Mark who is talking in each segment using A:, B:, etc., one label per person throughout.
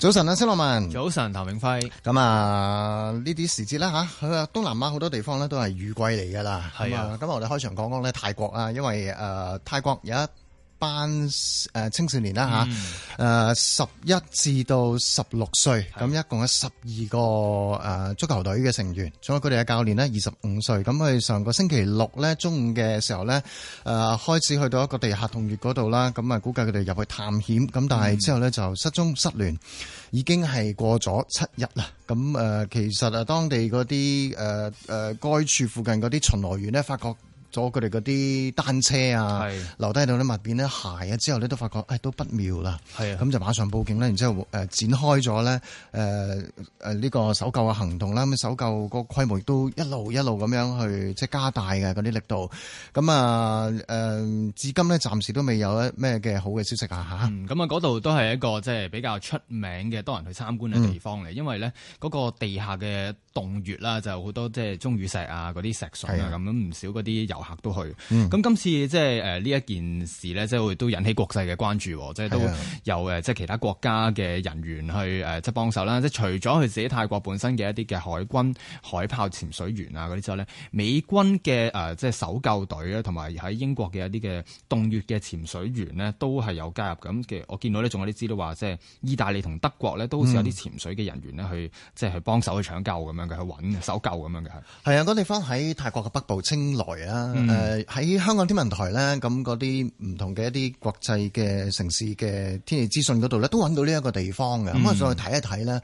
A: 早晨啊，斯洛文。早晨，譚永輝。咁啊，呢啲時節啦吓，去啊東南亞好多地方咧都係雨季嚟噶啦。係啊，噉我哋開場講講咧泰國啦，因為誒、呃，泰國有。班誒青少年啦吓，誒十一至到十六歲，咁一共有十二個誒足球隊嘅成員，仲有佢哋嘅教練咧，二十五歲，咁佢哋上個星期六咧中午嘅時候咧，誒開始去到一個地下洞穴嗰度啦，咁啊估計佢哋入去探險，咁但係之後咧就失蹤失聯，已經係過咗七日啦。咁誒其實啊，當地嗰啲誒誒該處附近嗰啲巡邏員咧，發覺，左佢哋嗰啲單車啊，留低喺度，啲物件咧、鞋啊，之後咧都發覺誒都不妙啦，咁就馬上報警啦，然之後誒展開咗咧誒誒呢個搜救嘅行動啦。咁搜救個規模都一路一路咁樣去即係加大嘅嗰啲力度。咁啊誒，至今咧暫時都未有咧咩嘅好嘅消息啊嚇。
B: 咁啊嗰度都係一個即係比較出名嘅多人去參觀嘅地方嚟，嗯、因為咧嗰、嗰個地下嘅。洞穴啦，就好多即係鐘乳石啊，嗰啲石筍啊，咁唔少嗰啲遊客都去。咁、嗯、今次即係誒呢一件事咧，即係都引起國際嘅關注，即係都有誒即係其他國家嘅人員去誒即係幫手啦。即係除咗佢自己泰國本身嘅一啲嘅海軍海豹潛水員啊嗰啲之後咧，美軍嘅誒即係搜救隊啊，同埋喺英國嘅一啲嘅洞穴嘅潛水員呢，都係有加入咁嘅。我見到呢，仲有啲資料話，即係意大利同德國呢，都好似有啲潛水嘅人員呢，嗯、去即係去幫手去搶救咁佢去揾搜救咁樣
A: 嘅係，啊，嗰地方喺泰國嘅北部清萊啊，誒、嗯、喺、呃、香港天文台咧，咁嗰啲唔同嘅一啲國際嘅城市嘅天氣資訊嗰度咧，都揾到呢一個地方嘅。咁、嗯、啊，再睇一睇咧，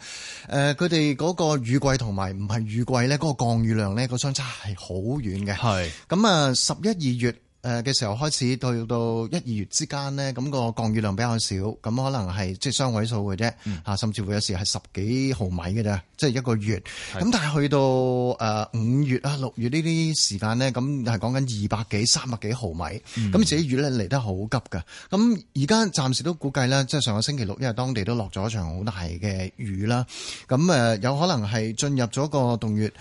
A: 誒佢哋嗰個雨季同埋唔係雨季咧，嗰個降雨量咧，個相差係好遠嘅。係咁啊，十一二月。誒嘅時候開始到到一二月之間咧，咁個降雨量比較少，咁可能係即係雙位數嘅啫，嗯、甚至會有時係十幾毫米嘅啫，即、就、係、是、一個月。咁但係去到誒五月啊、六月呢啲時間咧，咁係講緊二百幾、三百幾毫米。咁、嗯、自己雨咧嚟得好急㗎。咁而家暫時都估計咧，即係上個星期六，因為當地都落咗一場好大嘅雨啦。咁誒有可能係進入咗個洞穴。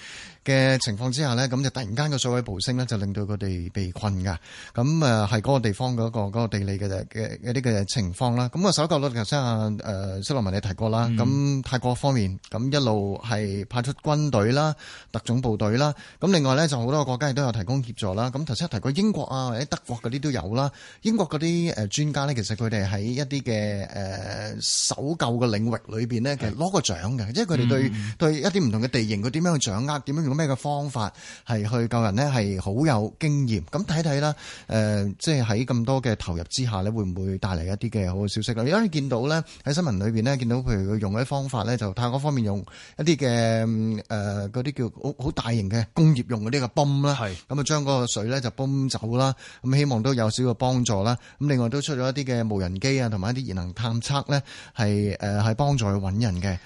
A: 嘅情況之下咧，咁就突然間個水位暴升咧，就令到佢哋被困㗎。咁啊，係嗰個地方嗰個嗰個地理嘅嘅嘅呢個情況啦。咁個搜救咧，頭先啊誒蘇洛文你提過啦。咁泰國方面，咁一路係派出軍隊啦、特種部隊啦。咁另外咧，就好多國家亦都有提供協助啦。咁頭先提過英國啊，或者德國嗰啲都有啦。英國嗰啲誒專家咧，其實佢哋喺一啲嘅誒搜救嘅領域裏邊咧，其實攞過獎嘅，即係佢哋對對一啲唔同嘅地形，佢點樣去掌握，點樣用，咩嘅方法係去救人呢？係好有經驗咁睇睇啦。誒、呃，即係喺咁多嘅投入之下呢，會唔會帶嚟一啲嘅好消息咧？因為你見到呢，喺新聞裏邊呢，見到譬如佢用一啲方法呢，就泰國方面用一啲嘅誒嗰啲叫好好大型嘅工業用嘅呢個泵啦，係咁啊，將嗰個水呢，就泵走啦。咁希望都有少少幫助啦。咁另外都出咗一啲嘅無人機啊，同埋一啲熱能探測呢，係誒係幫助去揾人嘅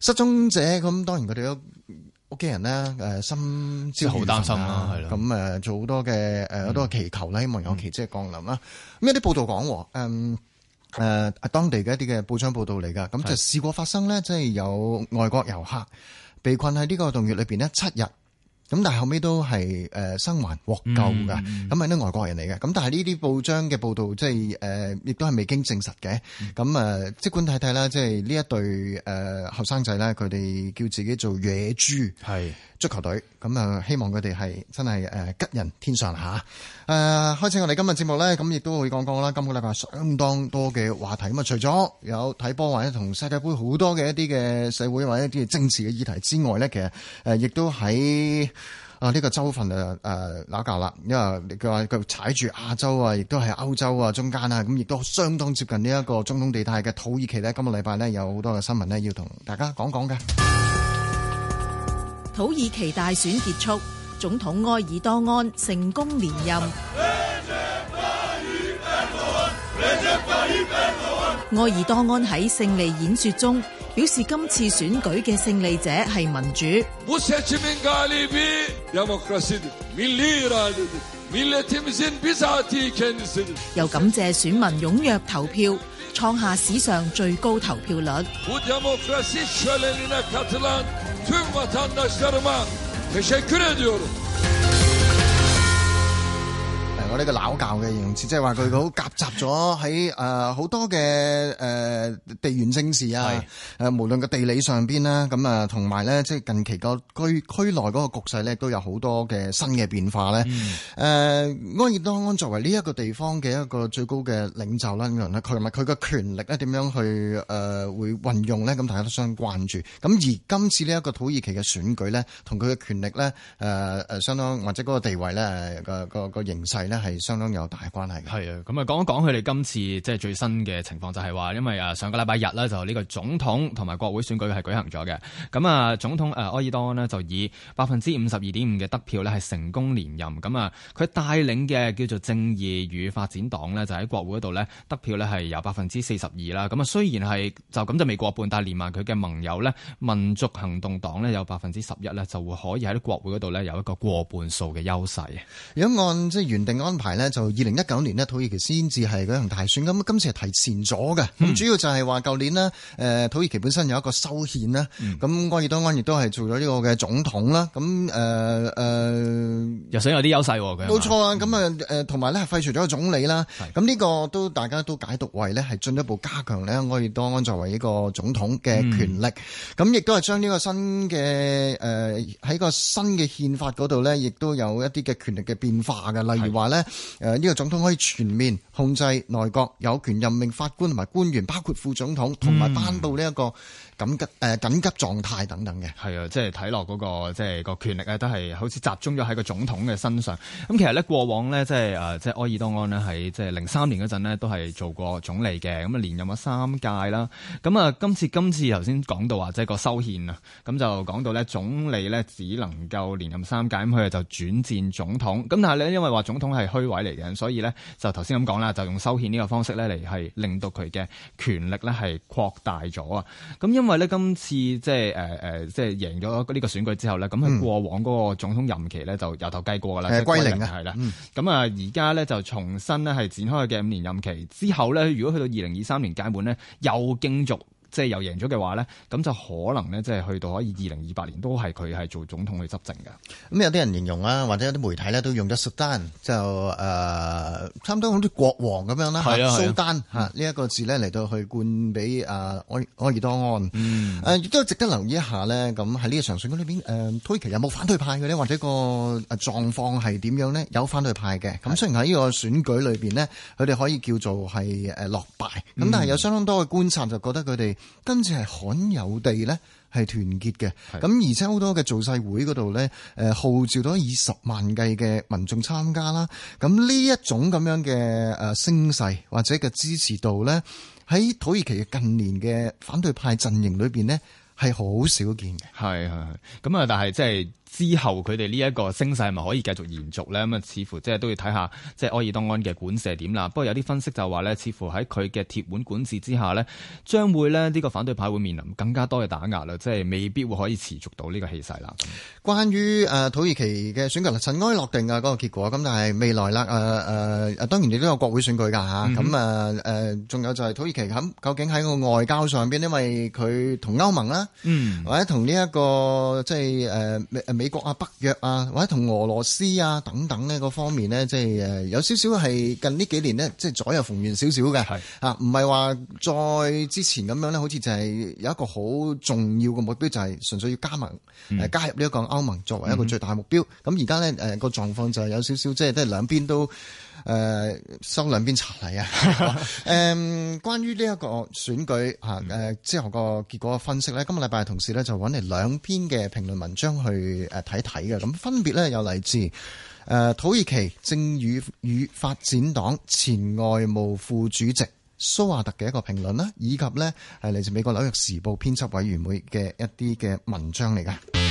A: 失蹤者。咁當然佢哋都。屋企人咧，誒、呃、心焦啊，即係好擔心啦，啊，係啦。咁誒、嗯嗯、做好多嘅誒好多祈求啦，希望有奇蹟嘅降臨啦。咁有啲報道講，誒誒當地嘅一啲嘅報章報道嚟㗎，咁就試過發生咧，的即係有外國遊客被困喺呢個洞穴裏邊呢，七日。咁但係後尾都係誒生還獲救㗎，咁係啲外國人嚟嘅。咁但係呢啲報章嘅報導即係誒，亦、呃、都係未經證實嘅。咁、嗯、誒，即管睇睇啦，即係呢一對誒後生仔咧，佢、呃、哋叫自己做野豬係足球隊。咁啊，希望佢哋係真係誒、呃、吉人天相。下、呃、誒，開始我哋今日節目咧，咁亦都會講講啦。今個禮拜相當多嘅話題。咁啊，除咗有睇波或者同世界杯好多嘅一啲嘅社會或者一啲政治嘅議題之外咧，其實誒亦都喺啊！呢、這個州份誒誒、扭架啦，因為佢話佢踩住亞洲啊，亦都係歐洲啊中間啊，咁亦都相當接近呢一個中東地帶嘅土耳其咧。今個禮拜呢有好多嘅新聞呢要同大家講講嘅。
C: 土耳其大選結束，總統埃爾多安成功連任。埃爾多安喺勝利演說中。表示今次選舉嘅勝利者係民主，又感謝選民踴躍投票，創下史上最高投票率。
A: 呢個拗教嘅形容詞，即係話佢好夾雜咗喺，誒好多嘅誒、呃、地緣政治啊，誒，無論個地理上邊啦，咁啊同埋咧，即係近期個區區內嗰個局勢咧都有好多嘅新嘅變化咧。誒、嗯呃，埃爾多安作為呢一個地方嘅一個最高嘅領袖啦，佢同埋佢嘅權力咧點樣去誒會運用咧？咁大家都相關注。咁而今次呢一個土耳其嘅選舉咧，同佢嘅權力咧，誒、
B: 呃、誒，相當或者嗰個地位咧、呃那個、那個、那個形勢咧。係相當有大關係嘅。係啊，咁啊講一講佢哋今次即係最新嘅情況就，就係話因為啊上個禮拜日呢，就呢個總統同埋國會選舉係舉行咗嘅。咁啊總統誒埃爾多安呢，就以百分之五十二點五嘅得票呢，係成功連任。咁啊佢帶領嘅叫做正義與發展黨呢，就喺國會嗰度呢，得票呢係有百分之四十二啦。咁啊雖然係就咁就未過半，但係連埋佢嘅盟友呢，民族行動黨呢，有百分之十一呢，就會可以喺國會嗰度呢，有一個過半數嘅優勢。
A: 如果按即係原定安。排呢就二零一九年呢土耳其，先至係舉行大選，咁今次係提前咗嘅。咁、嗯、主要就係話舊年呢誒土耳其本身有一個修憲啦，咁埃爾多安亦都係做咗呢個嘅總統啦。咁誒
B: 誒，又想有啲優勢，佢冇錯
A: 啊。咁啊誒，同埋咧廢除咗個總理啦。咁、嗯、呢個都大家都解讀為呢係進一步加強呢埃爾多安作為呢個總統嘅權力。咁亦都係將呢個新嘅誒喺個新嘅憲法度呢亦都有一啲嘅權力嘅變化嘅，例如話呢。誒、呃，呢、這個總統可以全面控制內閣，有權任命法官同埋官員，包括副總統同埋頒布呢一個
B: 緊急誒、呃、緊急狀態等等嘅。係啊，即係睇落嗰個即係個權力咧，都係好似集中咗喺個總統嘅身上。咁其實咧過往呢，即係誒，即係埃爾多安呢，喺即係零三年嗰陣呢都係做過總理嘅，咁啊連任咗三屆啦。咁啊今次今次頭先講到話即係個修憲啊，咁就講到咧總理咧只能夠連任三屆，咁佢就轉戰總統。咁但係咧因為話總統係。虛位嚟嘅，所以咧就頭先咁講啦，就用修憲呢個方式咧嚟係令到佢嘅權力咧係擴大咗啊！咁因為咧今次即係誒誒即係贏咗呢個選舉之後咧，咁、嗯、佢過往嗰個總統任期咧就由頭計過噶啦，係歸零啊，係啦。咁啊而家咧就重新咧係展開嘅五年任期之後咧，如果去到二零二三年屆滿咧，又競逐，即係又贏咗嘅話咧，咁就可能咧，即、就、係、是、去到可以二零二八年都係佢係做總統去執政嘅。咁
A: 有啲人形容啦，或者有啲媒體咧都用咗 s、呃啊、蘇丹，就
B: 誒、啊，差唔多好似國
A: 王咁樣啦。蘇丹嚇呢一個字咧嚟到去灌俾阿埃埃爾多安。誒、嗯、亦、啊、都值得留意一下咧，咁喺呢個場選舉裏邊，誒土耳其有冇反對派嘅咧？或者個狀況係點樣咧？有反對派嘅，咁雖然喺呢個選舉裏邊呢，佢哋可以叫做係誒落敗，咁、嗯、但係有相當多嘅觀察就覺得佢哋。跟住係罕有地咧，係團結嘅。咁而且好多嘅造勢會嗰度咧，誒號召到二十萬計嘅民眾參加啦。咁呢一種咁樣嘅誒聲勢或者嘅支持度咧，喺土耳其近年嘅反對派陣營裏邊咧，係好少見
B: 嘅。係係係，咁啊，但係即係。之後佢哋呢一個升勢係咪可以繼續延續咧？咁啊，似乎即係都要睇下即係埃爾多安嘅管治點啦。不過有啲分析就話咧，似乎喺佢嘅鐵腕管治之下呢，將會呢，呢個反對派會面臨更加多嘅打壓啦，即係未必會可以持續到呢個氣勢啦。關於誒土耳其
A: 嘅選舉啦，塵埃落定啊嗰個結果，咁但係未來啦誒誒，當然你都有國會選舉㗎吓，咁啊仲有就係土耳其咁究竟喺個外交上邊，因為佢同歐盟啦、嗯，或者同呢一個即係美國啊、北約啊，或者同俄羅斯啊等等呢個方面呢，即係誒有少少係近呢幾年呢，即係左右逢源少少嘅，係啊，唔係話再之前咁樣呢，好似就係有一個好重要嘅目標，就係純粹要加盟，嗯、加入呢一個歐盟作為一個最大目標。咁而家呢誒個、呃、狀況就係有少少即係都兩邊都。誒、呃，收兩邊查理啊！誒、 嗯，關於呢一個選舉嚇誒之後個結果嘅分析咧，今日禮拜同事咧就揾嚟兩篇嘅評論文章去誒睇睇嘅，咁分別咧有嚟自誒、呃、土耳其正義與發展黨前外務副主席蘇阿特嘅一個評論啦，以及咧係嚟自美國紐約時報編輯委員會嘅一啲嘅文章嚟㗎。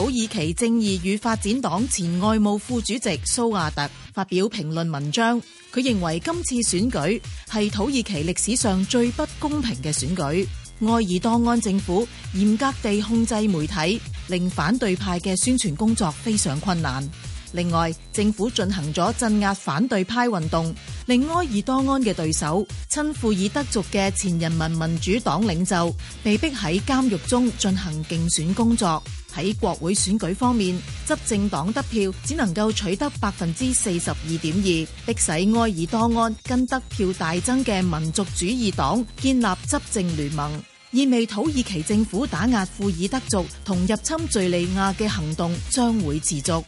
C: 土耳其正義與發展黨前外務副主席蘇阿特發表評論文章，佢認為今次選舉係土耳其歷史上最不公平嘅選舉。埃爾多安政府嚴格地控制媒體，令反對派嘅宣傳工作非常困難。另外，政府進行咗鎮壓反對派運動。令埃爾多安嘅對手、親庫爾德族嘅前人民民主黨領袖被逼喺監獄中進行競選工作。喺國會選舉方面，執政黨得票只能夠取得百分之四十二點二，迫使埃爾多安跟得票大增嘅民族主義黨建立執政聯盟，意味土耳其政府打壓庫爾德族同入侵敘利亞嘅行動將會持續。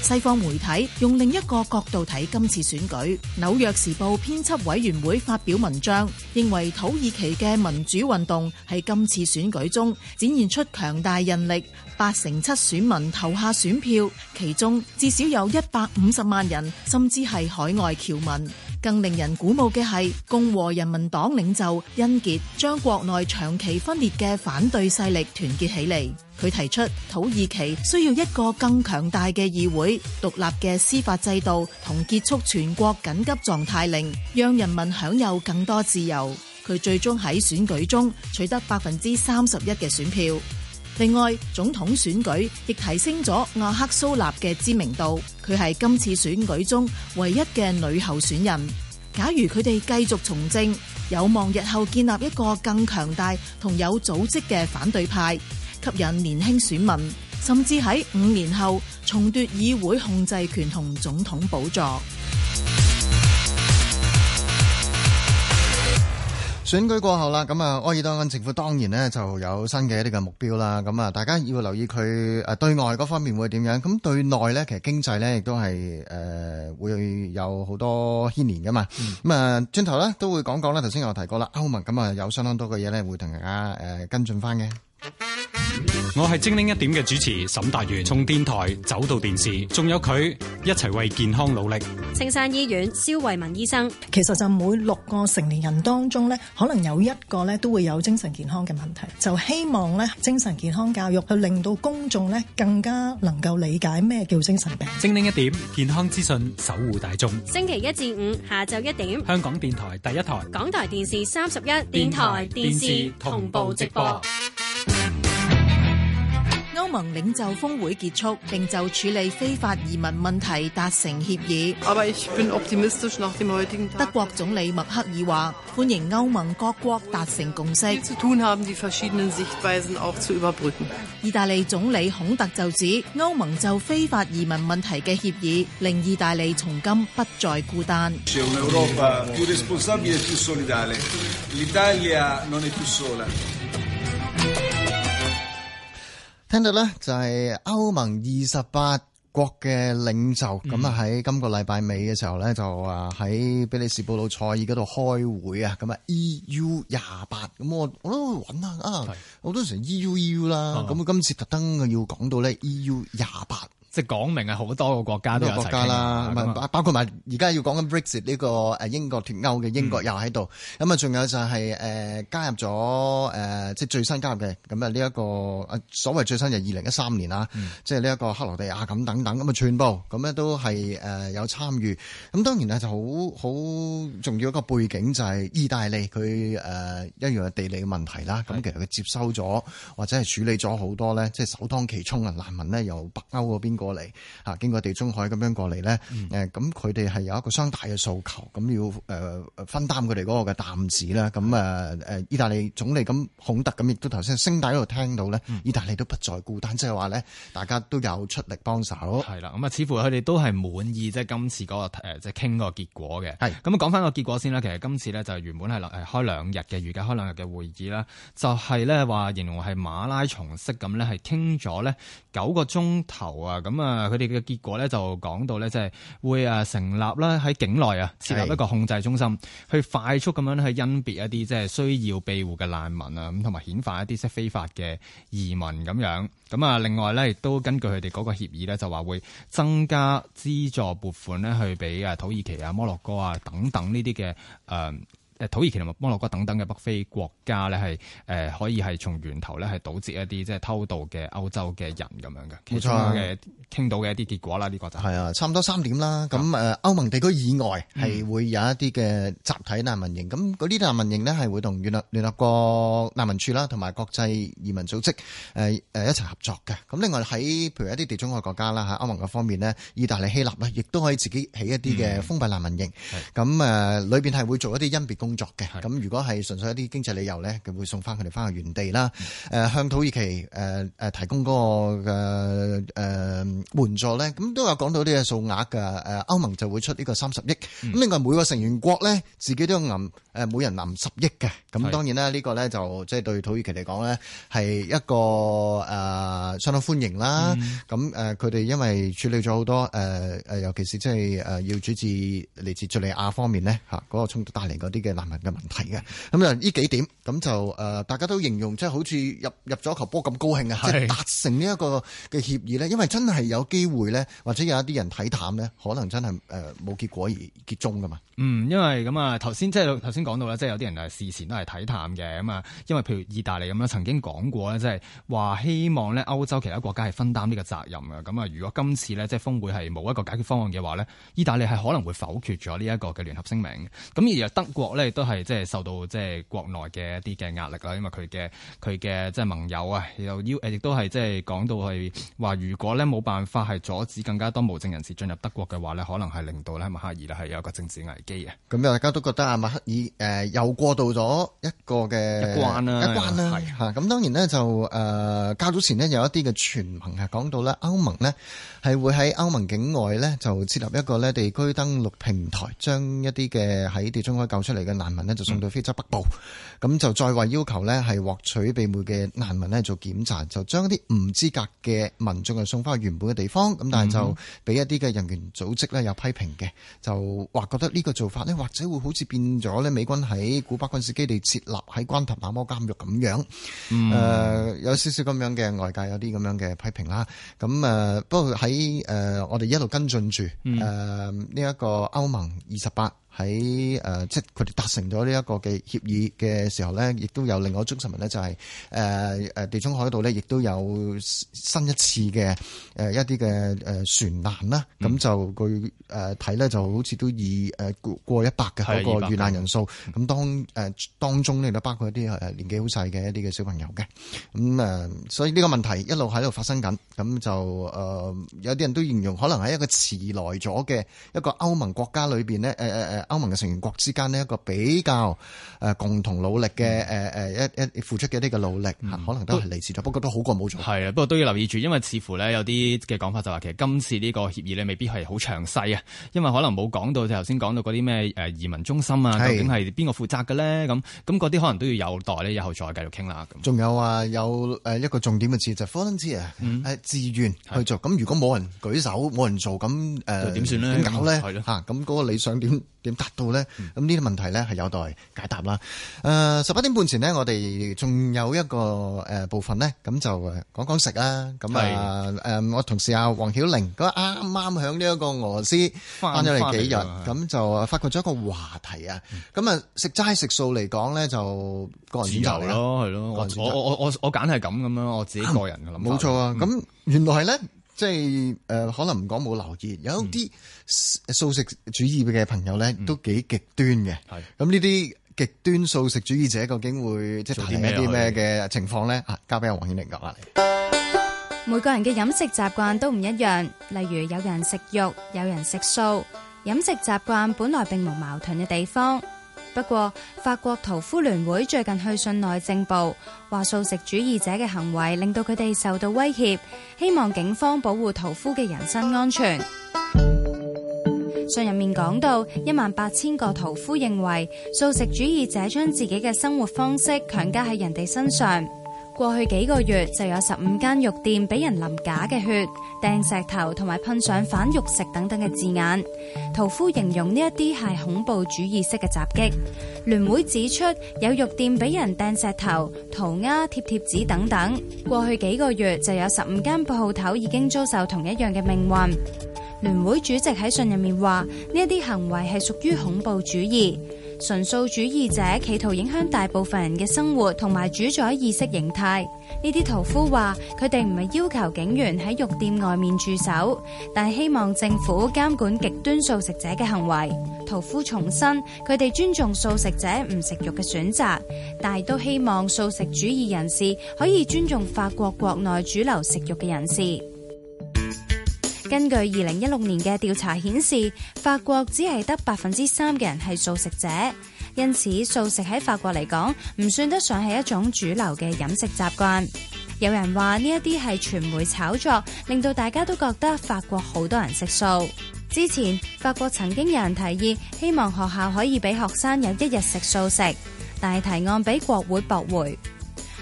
C: 西方媒體用另一個角度睇今次選舉，《紐約時報》編輯委員會發表文章，認為土耳其嘅民主運動喺今次選舉中展現出強大韌力，八成七選民投下選票，其中至少有一百五十萬人，甚至係海外僑民。更令人鼓舞嘅係，共和人民黨領袖恩杰將國內長期分裂嘅反對勢力團結起嚟。佢提出土耳其需要一個更強大嘅議會、獨立嘅司法制度同結束全國緊急狀態令，讓人民享有更多自由。佢最終喺選舉中取得百分之三十一嘅選票。另外，總統選舉亦提升咗阿克蘇納嘅知名度。佢係今次選舉中唯一嘅女候選人。假如佢哋繼續從政，有望日後建立一個更強大同有組織嘅反對派，吸引年輕選民，甚至喺五年後重奪議會控制權同總統寶座。選舉過後
A: 啦，咁啊，埃爾多安政府當然咧就有新嘅一啲嘅目標啦。咁啊，大家要留意佢誒對外嗰方面會點樣？咁對內咧，其實經濟咧亦都係誒會有好多牽連噶嘛。咁、嗯、啊，轉頭咧都會講講啦。頭先我有提過啦，歐盟咁啊有相當多嘅嘢咧會同大家誒跟進翻嘅。
B: 我係精靈一點嘅主持沈達元，從電台走到電視，仲有佢一齊為健康努力。
C: 青
D: 山醫院蕭慧文醫生，
C: 其實就每六個成年人當中呢，可能有一個呢都會有精神健康嘅問題。就希望呢精神健康教育去令到公眾呢更加能夠理解咩叫精神病。
B: 精靈一點健康資訊，守護大眾。
D: 星期一至五下晝一點，
B: 香港電台第一台，
D: 港台電視三十一，電台電視
C: 同步直播。歐盟領袖峰會結束，並就處理非法移民問題達成協議天天。德國總理默克爾話：歡迎歐盟各國達成共識。意，意大利總理孔特就指，歐盟就非法移民問題嘅協議，令意大利從今不再孤單。聽到咧
A: 就係歐盟二十八國嘅領袖，咁啊喺今個禮拜尾嘅時候咧就啊喺比利時布魯塞爾嗰度開會，EU28, 我都會啊，咁啊 E U 廿八，咁我我都揾下啊，好多時 E U E U 啦，咁今次特登要講到咧 E U 廿八。
B: 即係講明係好多個國
A: 家都有國家啦，包括埋而家要講緊 Brexit 呢個誒英國脫歐嘅英國又喺度，咁啊仲有就係、是、誒、呃、加入咗誒、呃、即係最新加入嘅，咁啊呢一個所謂最新就係二零一三年啦，嗯、即係呢一個克羅地亞咁等等，咁啊全部咁咧都係誒、呃、有參與，咁當然啊就好好重要一個背景就係意大利佢誒、呃、一樣嘅地理嘅問題啦。咁其實佢接收咗或者係處理咗好多咧，即係首當其衝啊難民咧由北歐嗰邊過嚟嚇，經過地中海咁樣過嚟咧，誒咁佢哋係有一個雙大嘅訴求，咁要誒分擔佢哋嗰個嘅擔子啦。咁誒誒，意大利總理咁孔特咁，亦都頭先聲大嗰度聽到咧、嗯，意大利都不再孤單，即係話咧，
B: 大家都有出力幫手囉。係啦，咁啊，似乎佢哋都係滿意即係今次嗰個即係傾個結果嘅。係咁講翻個結果先啦。其實今次咧就原本係誒開兩日嘅，預計開兩日嘅會議啦，就係咧話形容係馬拉松式咁咧，係傾咗咧九個鐘頭啊！咁啊，佢哋嘅結果咧就講到咧，即係會啊成立啦喺境內啊設立一個控制中心，去快速咁樣去甄別一啲即係需要庇護嘅難民啊，咁同埋遣返一啲即係非法嘅移民咁樣。咁啊，另外咧亦都根據佢哋嗰個協議咧，就話會增加資助撥款咧，去俾啊土耳其啊摩洛哥啊等等呢啲嘅誒。呃誒土耳其同埋摩洛哥等等嘅北非國家咧，係誒可以係從源頭咧係堵截一啲即係偷渡嘅歐洲嘅人咁樣嘅，其中嘅傾到嘅一啲結果啦，啊，呢個就係啊，
A: 差唔多三點啦。咁誒歐盟地區以外係會有一啲嘅集體難民營，咁嗰啲難民營呢，係會同聯合聯合國難民處啦，同埋國際移民組織誒誒一齊合作嘅。咁另外喺譬如一啲地中海國家啦嚇，歐盟嘅方面呢，意大利、希臘呢，亦都可以自己起一啲嘅封閉難民營。咁誒裏邊係會做一啲甄別工作嘅咁，如果係純粹一啲經濟理由咧，佢會送翻佢哋翻去原地啦。誒，向土耳其誒誒提供嗰個嘅誒援助咧，咁都有講到呢個數額噶。誒，歐盟就會出呢個三十億。咁另外每個成員國咧，自己都有攬誒，每人攬十億嘅。咁當然啦，呢個咧就即係對土耳其嚟講咧，係一個誒相當歡迎啦。咁誒，佢哋因為處理咗好多誒誒，尤其是即係誒要處置嚟自敍利亞方面咧嚇嗰個衝突帶嚟嗰啲嘅。難民嘅問題嘅，咁啊呢幾點咁就誒，大家都形容即係好似入入咗球波咁高興啊！即係達成呢一個嘅協議咧，因為真係有機會咧，或者有一啲人睇淡咧，可能真係誒冇結果而結終噶嘛。
B: 嗯，因為咁啊，頭先即係頭先講到啦，即係有啲人係事前都係睇淡嘅，咁啊，因為譬如意大利咁啦，曾經講過咧，即係話希望咧歐洲其他國家係分擔呢個責任嘅。咁啊，如果今次咧即係峰會係冇一個解決方案嘅話咧，意大利係可能會否決咗呢一個嘅聯合聲明。咁而啊德國咧。亦都係即係受到即係國內嘅一啲嘅壓力啦，因為佢嘅佢嘅即係盟友啊，又要亦都係即係講到去話，如果咧冇辦法係阻止更加多無證人士進入德國嘅話咧，可能係令到咧默克爾係有一個政治危機嘅。
A: 咁大家都覺得阿默克爾誒又過渡咗一個嘅一關啦、啊，一關啦、啊，係吓、啊。咁、啊、當然咧就誒，較早前咧有一啲嘅傳聞係講到咧歐盟咧係會喺歐盟境外咧就設立一個咧地區登陸平台，將一啲嘅喺地中海救出嚟嘅難民就送到非洲北部，咁、嗯、就再話要求呢係獲取庇護嘅難民呢做檢查，就將一啲唔資格嘅民眾送翻去原本嘅地方，咁但係就俾一啲嘅人權組織呢有批評嘅，就話覺得呢個做法呢，或者會好似變咗呢，美軍喺古巴軍事基地設立喺關塔那摩監獄咁樣、嗯，有少少咁樣嘅外界有啲咁樣嘅批評啦，咁誒不過喺誒我哋一路跟進住誒呢一個歐盟二十八。喺誒、呃，即係佢哋達成咗呢一個嘅協議嘅時候咧，亦都有另外一種新聞咧，就係誒誒地中海度咧，亦都有新一次嘅誒、呃、一啲嘅誒船難啦。咁、嗯、就佢誒睇咧，呃、就好似都以誒、呃、過一百嘅一個遇難人數。咁當誒、呃、當中呢，都包括一啲年紀好細嘅一啲嘅小朋友嘅。咁誒，所以呢個問題一路喺度發生緊。咁就誒、呃、有啲人都形容，可能喺一個遲來咗嘅一個歐盟國家裏邊呢。誒誒誒。呃呃歐盟嘅成員國之間呢，一個比較誒共同努力嘅誒誒一一付出嘅呢個努力、嗯、可能都係嚟遲咗，不過都好
B: 過冇做過。係啊，不過都要留意住，因為似乎咧有啲嘅講法就話、是、其實今次呢個協議咧未必係好詳細啊，因為可能冇講到頭先講到嗰啲咩誒移民中心啊，究竟係邊個負責嘅咧？咁咁嗰啲可能都要有待咧，以後再繼續傾啦。咁
A: 仲有啊，有誒一個重點嘅字就係誒自願去做。咁如果冇人舉手，冇人做咁誒點算咧？點搞咧？係咁嗰個理想點？點達到咧？咁呢啲問題咧係有待解答啦。誒，十一點半前咧，我哋仲有一個誒部分咧，咁就講講食啦。咁啊誒，我同事阿黃曉玲，佢啱啱喺呢一個俄羅斯翻咗嚟幾日，咁就發掘咗一個話
B: 題啊。
A: 咁啊，食齋食素嚟講咧，就個人選擇咯，係咯。我我我我我
B: 我揀係咁咁樣，我自己個人嘅諗法。冇錯
A: 啊。咁原來係咧。即係誒、呃，可能唔講冇留意，有啲素食主義嘅朋友咧都幾極端嘅。係咁呢啲極端素食主義者究竟會即係做啲咩嘅情況咧？吓，交俾阿黃曉玲講下嚟。
D: 每個人嘅飲食習慣都唔一樣，例如有人食肉，有人食素，飲食習慣本來並冇矛盾嘅地方。不過，法國屠夫聯會最近去信內政部，話素食主義者嘅行為令到佢哋受到威脅，希望警方保護屠夫嘅人身安全。信入面講到，一萬八千個屠夫認為素食主義者將自己嘅生活方式強加喺人哋身上。過去幾個月就有十五間肉店俾人淋假嘅血、掟石頭同埋噴上反肉食等等嘅字眼。屠夫形容呢一啲係恐怖主義式嘅襲擊。聯會指出，有肉店俾人掟石頭、塗鴉、貼貼紙等等。過去幾個月就有十五間鋪頭已經遭受同一樣嘅命運。聯會主席喺信入面話：呢一啲行為係屬於恐怖主義。純素主義者企圖影響大部分人嘅生活同埋主宰意識形態。呢啲屠夫話，佢哋唔係要求警員喺肉店外面駐守，但係希望政府監管極端素食者嘅行為。屠夫重申，佢哋尊重素食者唔食肉嘅選擇，但係都希望素食主義人士可以尊重法國國內主流食肉嘅人士。根據二零一六年嘅調查顯示，法國只係得百分之三嘅人係素食者，因此素食喺法國嚟講唔算得上係一種主流嘅飲食習慣。有人話呢一啲係傳媒炒作，令到大家都覺得法國好多人食素。之前法國曾經有人提議，希望學校可以俾學生有一日食素食，但係提案俾國會駁回。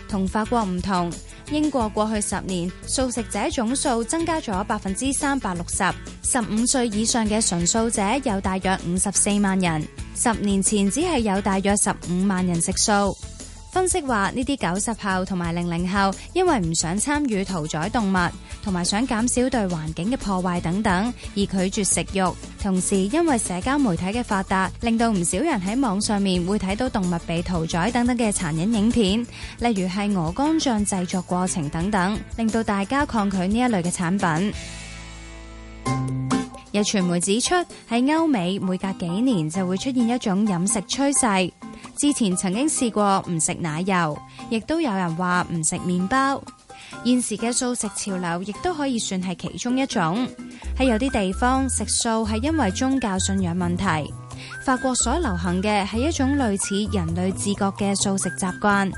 D: 同法國唔同。英國過去十年素食者總數增加咗百分之三百六十，十五歲以上嘅純素食者有大約五十四萬人，十年前只係有大約十五萬人食素。分析話，呢啲九十後同埋零零後，因為唔想參與屠宰動物，同埋想減少對環境嘅破壞等等，而拒絕食肉。同時，因為社交媒體嘅發達，令到唔少人喺網上面會睇到動物被屠宰等等嘅殘忍影片，例如係鵝肝醬製作過程等等，令到大家抗拒呢一類嘅產品。有傳媒指出，喺歐美每隔幾年就會出現一種飲食趨勢。之前曾經試過唔食奶油，亦都有人話唔食麵包。現時嘅素食潮流，亦都可以算係其中一種。喺有啲地方食素係因為宗教信仰問題。法國所流行嘅係一種類似人類自覺嘅素食習慣。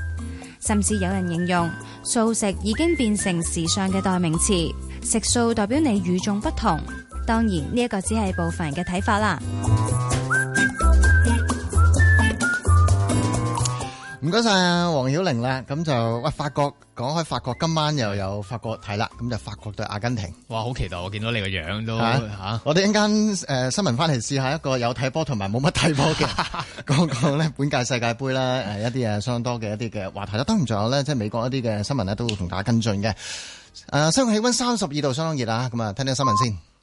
D: 甚至有人形容素食已經變成時尚嘅代名詞，食素代表你與眾不同。當然呢一個只係部分人嘅睇法啦。
A: 唔該曬黃曉玲啦，咁就喂，法國，講開法國，今晚又有法國睇啦，咁就法國對阿根廷，
B: 哇，好期待，我見到你個樣都，啊啊、
A: 我哋陣間新聞翻嚟試下一個有睇波同埋冇乜睇波嘅講講咧， 本屆世界盃啦，一啲誒相當多嘅一啲嘅話題啦，當然仲有咧，即係美國一啲嘅新聞咧都同大家跟進嘅。誒、呃，香港氣温三十二度，相當熱啦咁啊，就聽啲新聞先。